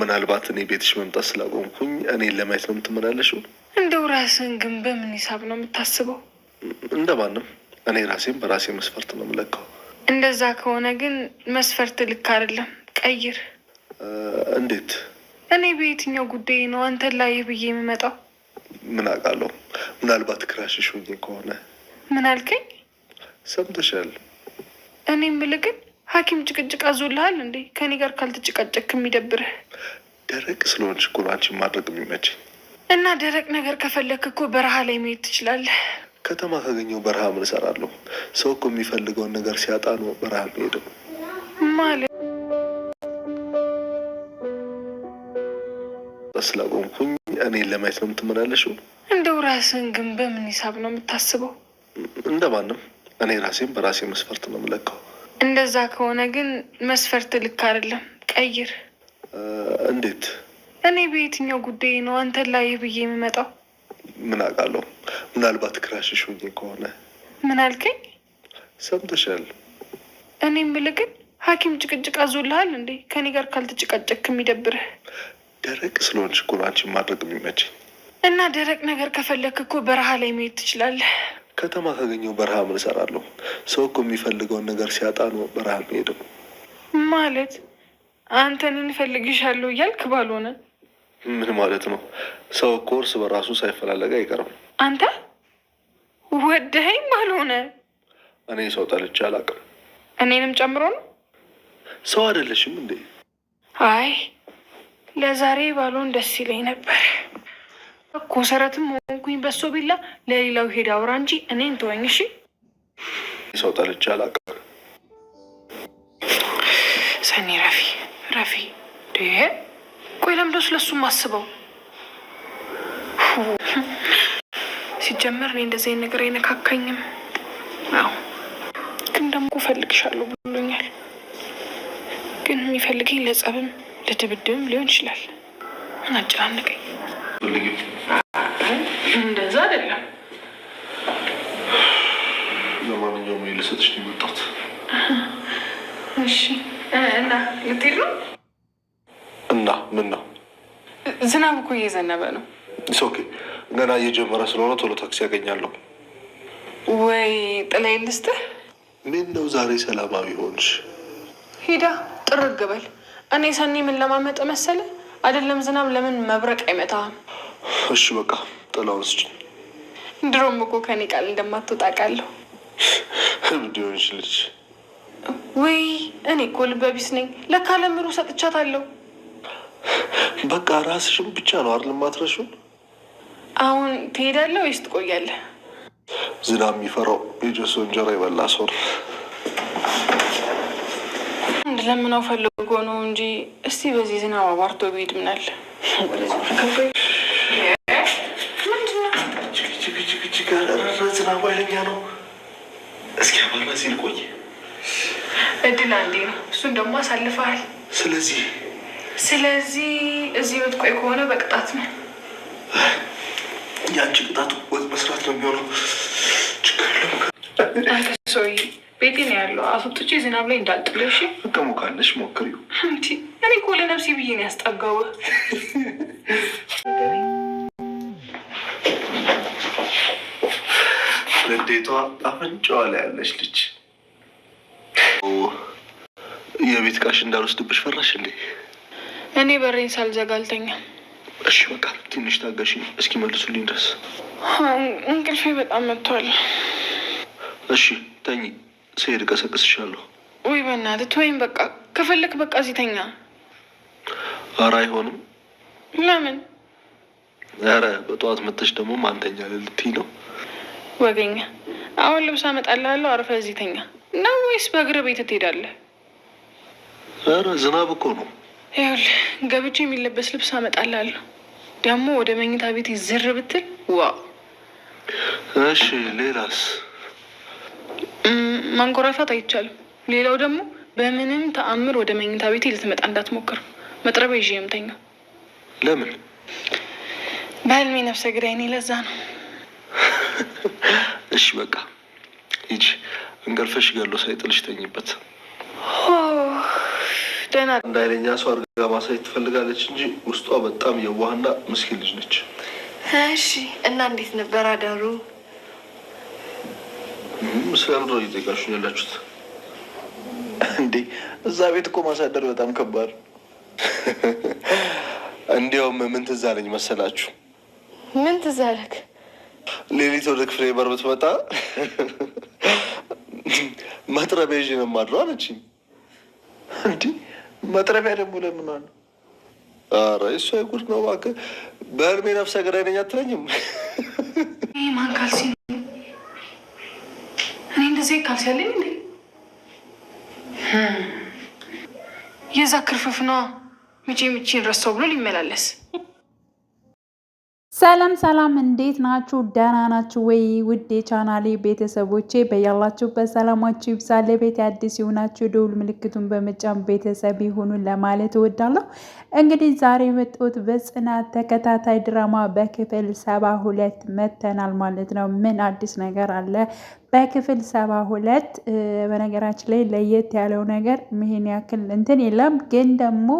ምናልባት እኔ ቤትሽ መምጣት ስላቆምኩኝ እኔን ለማየት ነው የምትመላለሽው? እንደው ራስን ግን በምን ሂሳብ ነው የምታስበው? እንደ ማንም እኔ ራሴም በራሴ መስፈርት ነው የምለካው። እንደዛ ከሆነ ግን መስፈርት ልክ አይደለም፣ ቀይር። እንዴት? እኔ በየትኛው ጉዳይ ነው አንተ ላይ ብዬ የምመጣው? ምን አውቃለሁ፣ ምናልባት ክራሽሽ ሆኜ ከሆነ። ምን አልከኝ? ሰምተሻል። እኔ የምልህ ግን ሐኪም ጭቅጭቅ አዞልሃል እንዴ? ከኔ ጋር ካልትጭቃጨቅ የሚደብርህ ደረቅ ስለሆንሽ እኮ ነው ማድረግ የሚመችኝ። እና ደረቅ ነገር ከፈለክ እኮ በረሃ ላይ መሄድ ትችላለህ። ከተማ ካገኘው በረሃ ምን እሰራለሁ? ሰው እኮ የሚፈልገውን ነገር ሲያጣ ነው በረሃ መሄድ ማለት። ስላቆምኩኝ እኔን ለማየት ነው የምትመላለሽው? እንደው ራስን ግን በምን ሂሳብ ነው የምታስበው? እንደማንም እኔ ራሴን በራሴ መስፈርት ነው የምለካው። እንደዛ ከሆነ ግን መስፈርት ልክ አይደለም፣ ቀይር። እንዴት? እኔ በየትኛው ጉዳይ ነው አንተን ላይ ብዬ የሚመጣው? ምን አውቃለሁ። ምናልባት ክራሽሽ ሆኜ ከሆነ ምን አልከኝ? ሰምተሻል። እኔ ብልህ ግን ሐኪም ጭቅጭቅ አዞልሃል እንዴ? ከኔ ጋር ካልተጨቃጨቅ የሚደብርህ ደረቅ ስለሆንሽ እኮ ነው አንቺን ማድረግ የሚመችኝ። እና ደረቅ ነገር ከፈለክ እኮ በረሃ ላይ መሄድ ትችላለህ። ከተማ ካገኘው በረሃ ምን እሰራለሁ? ሰው እኮ የሚፈልገውን ነገር ሲያጣ ነው በረሃ የሚሄደው። ማለት አንተን እንፈልግሻለሁ እያልክ ባልሆነ ምን ማለት ነው? ሰው እኮ እርስ በራሱ ሳይፈላለግ አይቀርም። አንተ ወደኸኝ ባልሆነ እኔ ሰው ጠልቼ አላውቅም። እኔንም ጨምሮ ነው። ሰው አይደለሽም እንዴ? አይ ለዛሬ ባልሆን ደስ ይለኝ ነበር። ኮሰረትም ሆንኩኝ በሶ ቢላ ለሌላው ሄድ አውራ እንጂ እኔን ተወኝ። እሺ ሰው ጠልቼ አላውቅም። ሰኒ ረፊ ረፊ ይሄ ቆይ ለምዶ ስለሱ አስበው። ሲጀመር እኔ እንደዚህ አይነት ነገር አይነካካኝም። አዎ ግን ደግሞ እፈልግሻለሁ ብሎኛል። ግን የሚፈልገኝ ለጸብም ለድብድብም ሊሆን ይችላል። ምን አጨናነቀኝ። እንደዛ አይደለም። ለማንኛውም ልሰጥሽ ነው የመጣሁት። እሺ እና ልትሄድ ነው? እና ምን ነው ዝናብ እኮ እየዘነበ ነው። ኦኬ ገና እየጀመረ ስለሆነ ቶሎ ታክሲ ያገኛለሁ ወይ? ጥላይ ልስጥህ። ምን ነው ዛሬ ሰላማዊ ሆንሽ? ሂዳ ጥርግበል እኔ ሰኒ ምን ለማመጠ መሰለ አይደለም ዝናብ፣ ለምን መብረቅ አይመታህም? እሺ በቃ ጥላውን ስጭ። ድሮም እኮ ከኔ ቃል እንደማትወጣ ቃለሁ። እብድ ሆንሽ ልጅ። ውይ እኔ እኮ ልበቢስ ነኝ። ለካ ለምሩ ሰጥቻታለሁ። በቃ ራስሽን ብቻ ነው አይደል የማትረሺው? አሁን ትሄዳለህ ወይስ ትቆያለህ? ዝናብ የሚፈራው የጀሶ እንጀራ ይበላ ሰው ነው። ሊለምነው ፈልጎ ነው እንጂ እስቲ በዚህ ዝናብ አባርቶ ቢሄድ ምናል ነው። እስኪ አባራ ሲል ቆይ እድል አንዴ ነው። እሱን ደግሞ አሳልፈሃል። ስለዚህ ስለዚህ እዚህ ብትቆይ ከሆነ በቅጣት ነው። የአንቺ ቅጣት ወጥ መስራት ነው የሚሆነው። ችግር የለም። ቤቴ ነው ያለው። አስወጥቼ ዝናብ ላይ እንዳልጥለሽ እቀሙካለሽ ሞክሪው። እኔ እኮ ለነፍሴ ብዬ ነው ያስጠጋው። ንዴቷ አፍንጫዋ ላይ ያለች ልጅ የቤት እቃሽ እንዳልወስድብሽ ፈራሽ እንዴ? እኔ በሬን ሳልዘጋልተኛ እሺ በቃ ትንሽ ታገሽ፣ እስኪ መልሱልኝ ድረስ እንቅልፌ በጣም መጥቷል። እሺ ተኝ። ስሄድ ቀሰቅስሻለሁ። ውይ በእናትህ ወይም በቃ ከፈለክ በቃ ሲተኛ። ተኛ። አይሆንም። ለምን? አረ በጠዋት መተሽ ደግሞ ማንተኛ ልልቲ ነው? ወገኛ አሁን ልብስ አመጣልሃለሁ። አርፈህ እዚህ ተኛ ነው ወይስ በእግር ቤት ትሄዳለህ? አረ ዝናብ እኮ ነው። ይኸውልህ ገብቼ የሚለበስ ልብስ አመጣልሃለሁ። ደግሞ ወደ መኝታ ቤት ይዝር ብትል ዋ። እሺ ሌላስ? ማንኮራፋት አይቻልም። ሌላው ደግሞ በምንም ተአምር ወደ መኝታ ቤቴ ልትመጣ እንዳትሞክር። መጥረቢያ ይዤ የምተኛ። ለምን? በህልሜ ነፍሰ ግዳይ እኔ ለዛ ነው። እሺ በቃ ሂጂ። እንቅልፍሽ ገሎ ሳይጥልሽ ተኝበት። ደህና አይነኛ ሰው አድርጋ ማሳየት ትፈልጋለች እንጂ ውስጧ በጣም የዋህና ምስኪን ልጅ ነች። እሺ እና እንዴት ነበር አዳሩ? ስለምድ ነው እየጠየቃችሁ ያላችሁት? እንዴ እዛ ቤት እኮ ማሳደር በጣም ከባድ። እንዲያውም ምን ትዝ አለኝ መሰላችሁ? ምን ትዝ አለክ? ሌሊት ወደ ክፍሌ በር ብትመጣ መጥረቢያ ይዤ ነው የማድረው አለችኝ። እንዲህ መጥረቢያ ደግሞ ለምን አለ? ኧረ እሱ አይጉድ ነው እባክህ። በህልሜ ነፍሰ ገዳይ ነኝ አትለኝም? የዛ ካልሲ ያለኝ እንዴ? የዛ ክርፍፍና ምቼ ምቼን ረሳው ብሎ ሊመላለስ ሰላም ሰላም፣ እንዴት ናችሁ? ደህና ናችሁ ወይ? ውድ የቻናሌ ቤተሰቦቼ በያላችሁበት ሰላማችሁ ይብዛ። ለቤት አዲስ የሆናችሁ የደውል ምልክቱን በመጫን ቤተሰብ ይሁኑ ለማለት እወዳለሁ። እንግዲህ ዛሬ የመጣሁት በጽናት ተከታታይ ድራማ በክፍል ሰባ ሁለት መተናል ማለት ነው። ምን አዲስ ነገር አለ? በክፍል ሰባ ሁለት በነገራችን ላይ ለየት ያለው ነገር ይሄን ያክል እንትን የለም፣ ግን ደግሞ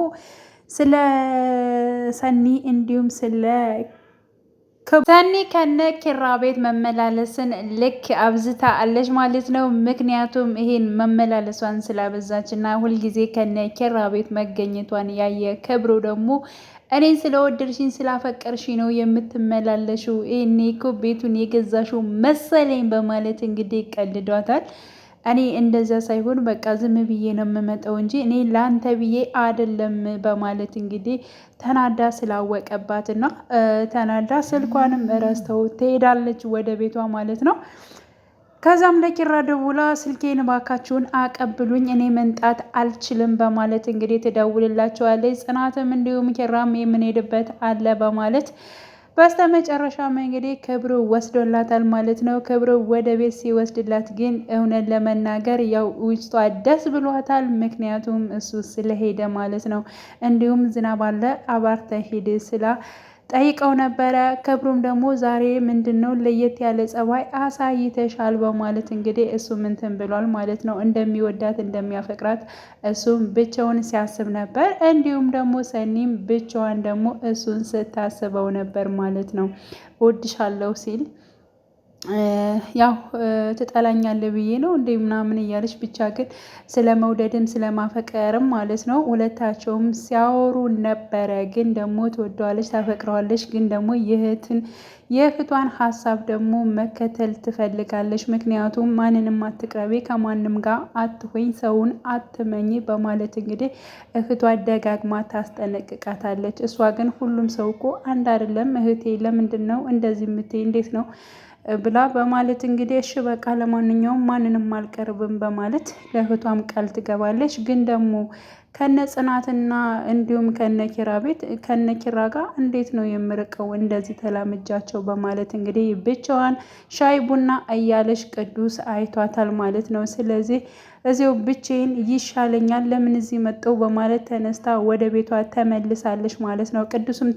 ስለ ሰኒ እንዲሁም ስለ ሰኒ ከነ ኪራ ቤት መመላለስን ልክ አብዝታ አለች ማለት ነው። ምክንያቱም ይሄን መመላለሷን ስላበዛች እና ሁልጊዜ ከነ ኪራ ቤት መገኘቷን ያየ ክብሩ ደግሞ እኔን ስለወደድሽኝ ስላፈቀርሽ ነው የምትመላለሹ፣ ይሄኔ እኮ ቤቱን የገዛሽው መሰለኝ በማለት እንግዲህ ቀልዷታል። እኔ እንደዛ ሳይሆን በቃ ዝም ብዬ ነው የምመጣው እንጂ እኔ ላንተ ብዬ አይደለም በማለት እንግዲህ ተናዳ ስላወቀባትና ተናዳ ስልኳንም እረስተው ትሄዳለች ወደ ቤቷ ማለት ነው። ከዛም ለኪራ ደውላ ስልኬን ባካችሁን አቀብሉኝ እኔ መምጣት አልችልም በማለት እንግዲህ ትደውልላቸዋለች። ጽናትም እንዲሁም ኪራም የምንሄድበት አለ በማለት በስተመጨረሻ እንግዲህ ክብሩ ወስዶላታል ማለት ነው። ክብሩ ወደ ቤት ሲወስድላት ግን እውነት ለመናገር ያው ውስጧ ደስ ብሏታል። ምክንያቱም እሱ ስለሄደ ማለት ነው። እንዲሁም ዝናብ አለ አባርተ ሂድ ስላ ጠይቀው ነበረ። ክብሩም ደግሞ ዛሬ ምንድን ነው ለየት ያለ ጸባይ አሳይተሻል በማለት እንግዲህ እሱ ምንትን ብሏል ማለት ነው። እንደሚወዳት እንደሚያፈቅራት እሱም ብቻውን ሲያስብ ነበር። እንዲሁም ደግሞ ሰኒም ብቻዋን ደግሞ እሱን ስታስበው ነበር ማለት ነው። እወድሻለሁ ሲል ያው ትጠላኛለ ብዬ ነው እንዴ ምናምን እያለች ብቻ ግን ስለ መውደድም ስለማፈቀርም ማለት ነው ሁለታቸውም ሲያወሩ ነበረ። ግን ደግሞ ትወደዋለች፣ ታፈቅረዋለች። ግን ደግሞ የእህትን የእህቷን ሀሳብ ደግሞ መከተል ትፈልጋለች። ምክንያቱም ማንንም አትቅረቤ፣ ከማንም ጋር አትሆኝ፣ ሰውን አትመኝ በማለት እንግዲህ እህቷ ደጋግማ ታስጠነቅቃታለች። እሷ ግን ሁሉም ሰው እኮ አንድ አይደለም እህቴ፣ ለምንድን ነው እንደዚህ የምትይ? እንዴት ነው ብላ በማለት እንግዲህ እሺ በቃ ለማንኛውም ማንንም አልቀርብም በማለት ለእህቷም ቃል ትገባለች። ግን ደግሞ ከነ ጽናትና እንዲሁም ከነ ኪራ ቤት ከነ ኪራ ጋር እንዴት ነው የምርቀው እንደዚህ ተላምጃቸው በማለት እንግዲህ ብቻዋን ሻይ ቡና እያለች ቅዱስ አይቷታል ማለት ነው። ስለዚህ እዚው ብቼን ይሻለኛል ለምን እዚህ መጠው በማለት ተነስታ ወደ ቤቷ ተመልሳለች ማለት ነው። ቅዱስም